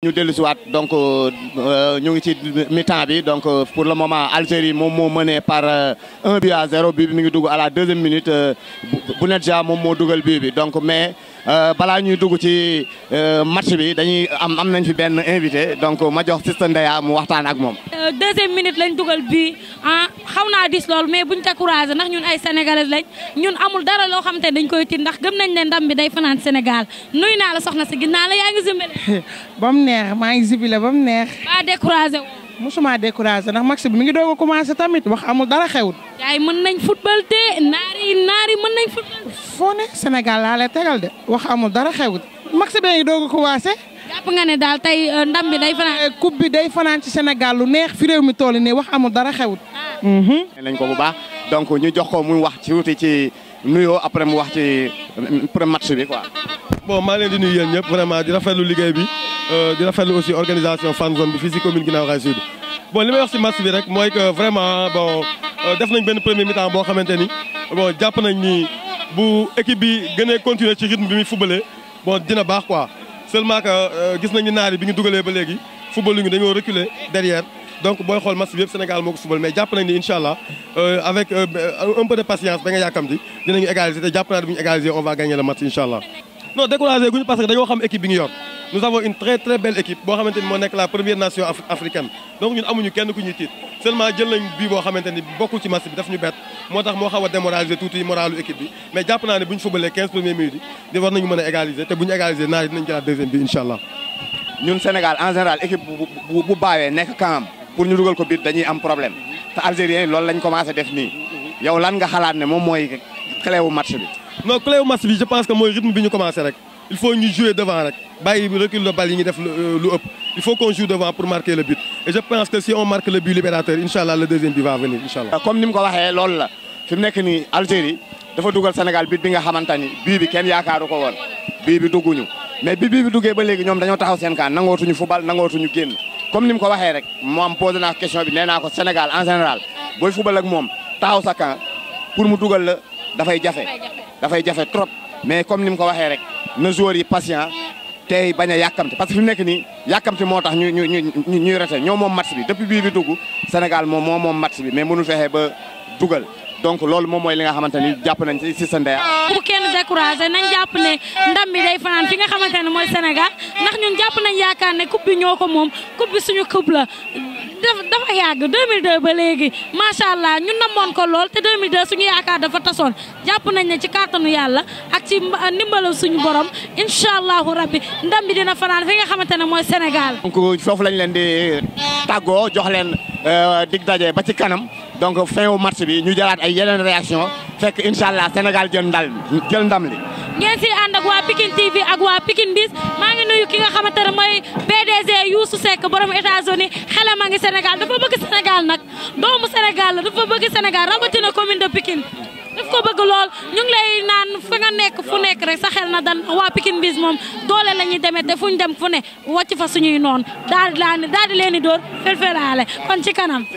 Nous sommes donc euh, euh, donc euh, pour le moment Algérie est menée mené par 1 but à 0 à la deuxième minute donc mais Euh, balaa ñuy dugg ci euh, match bi dañuy am am nañ fi benn invité donc ma jox Sista Ndeya mu waxtaan ak moom. Euh, deuxième minute lañ dugal bii ah xaw naa dis lool mais buñ découragé ndax ñun ay sénégalais lañ ñun amul dara loo xam te dañ koy tiit ndax gëm nañ leen ndam bi day fanaan Sénégal nuyu naa la soxna si naa la yaa ngi zimbale. ba mu neex maa ngi zibile ba mu neex. ba découragé woo. musuma découragé ndax max bi mi ngi doog a commencé tamit wax amul dara xewut. yaay mën nañ football te naari naari mën foo ne Sénégal laa lay de wax amul dara xewut max bien yi dogu a commencé. jàpp nga né dal tay euh, ndam bi day fanaan. Eh, coupe bi day fanaan ci Sénégal lu neex fi rew mi tool né wax amul dara xewut. Ah. hmm lañ ko bu baax donc ñu jox ko muy wax ci route ci nuyo après mu wax ci euh, premier match bi quoi. bon ma lay di nuyu yeen ñep vraiment di rafetlu liggéey bi euh, di rafetlu aussi organisation fan zone bi fii commune Guinaw Rail Sud. bon limay wax ci match bi rek moy que vraiment bon def nañ ben premier mi-temps bo xamanteni bon japp nañ ni bu équipe bi gën a continuer ci rythme bi muy footballé bon dina baax quoi seulement que euh, gis nañu naari bi ñu dugalee ba léegi football ñu dañoo reculer derrière donc boy xol match bi yëpp Sénégal moko football mais japp nañ ni incha euh, avec euh, un peu de patience ba nga di dinañu égaliser té japp naa ne bu égaliser on va gagner le match inshallah. non décourager guñu parce que dañoo xam équipe bi ñu yor nous avons une très très belle équipe bo xamanteni mo nek la première nation africaine donc ñun amuñu kenn ku ñu tiit seulement jël nañ bi bo xamanteni ni ci match bi daf ñu bet motax mo xawa démoraliser touti moralu équipe bi mais japp naa ne bu ñu 15 premières minutes di war nañu mëna égaliser té buñ égaliser naa dinañ jëlaat deuxième bi inshallah ñun Sénégal en général équipe bu bu baawee nekk kanam pour ñu duggal ko bi dañuy am problème té algérien loolu lañ commencé def ni yow lan nga xalaat né moom moy clé wu match bi. non clé wu match bi je pense que moy rythme bi ñu commencé rek il faut ñu jouer devant rek bàyyi recul le balle yi ñu def lu ëpp il faut qu'on joue devant pour marquer le but et je pense que si on marque le but libérateur incha allah le deuxième but va venir inshallah. Ah, comme ni mu ko waxee loolu la fi ni nekk nii Algérie dafa dugal Sénégal bit bi nga xamante ni bii bi kenn yaakaaru ko woon bii bi dugguñu mais bi bii bi duggee ba léegi ñoom dañoo taxaw seen kaan nangootuñu football nangootuñu génn comme ni mu ko waxee rek moom posé naa question bi nee naa ko Sénégal en général booy football ak mom, taxaw sa camp pour mu dugal la dafay jafe dafay jafe trop mais comme ni mu ko waxee rek ne joueurs yi patient tey bañ a yàkkamti parce que fi mu nii yàkkamti moo tax ñu ñu ñu ñuy rete ñoo moom match bi depuis bii bi dugg Sénégal moom moo moom match bi mais mënu fexe ba dugal donc loolu moom mooy li nga xamante ni jàpp nañ ci Cissé Ndeya bu kenn nañ jàpp ne ndam bi day fanaan fi nga xamante ne mooy Sénégal ndax ñun jàpp nañ yaakaar ne coupe bi ñoo ko moom coupe suñu coupe la dafa dafa yàgg ba léegi macha allah ñu namoon ko lool te 2002 suñu yaakaar dafa tasoon jàpp nañ ne ci kàttanu yàlla ak ci ndimbalu suñu borom incha allahu rabbi ndam bi dina fanaan fi nga xamante ne mooy Sénégal. donc foofu lañu leen di tàggoo jox leen euh, dig daje ba ci kanam. donc fin wu match bi ñu jëlaat ay yeneen réaction fekk incha allah Sénégal jël ndal jël ndam li. ngeen si ànd ak waa Pikine TV ak waa Pikine bis maa ngi nuyu ki nga xamante ne mooy PDG Youssou Seck borom États-Unis a ngi Sénégal dafa bëgg Sénégal nag doomu Sénégal dafa bëgg Sénégal rawatina commune de Pikine. daf ko bëgg lool ñu ngi naan fa nekk fu nekk rek sa xel na dan waa Pikine bis moom doole la ñuy demee te fu ñu dem fu ne wàcc fa suñuy noonu daal di daal ci kanam.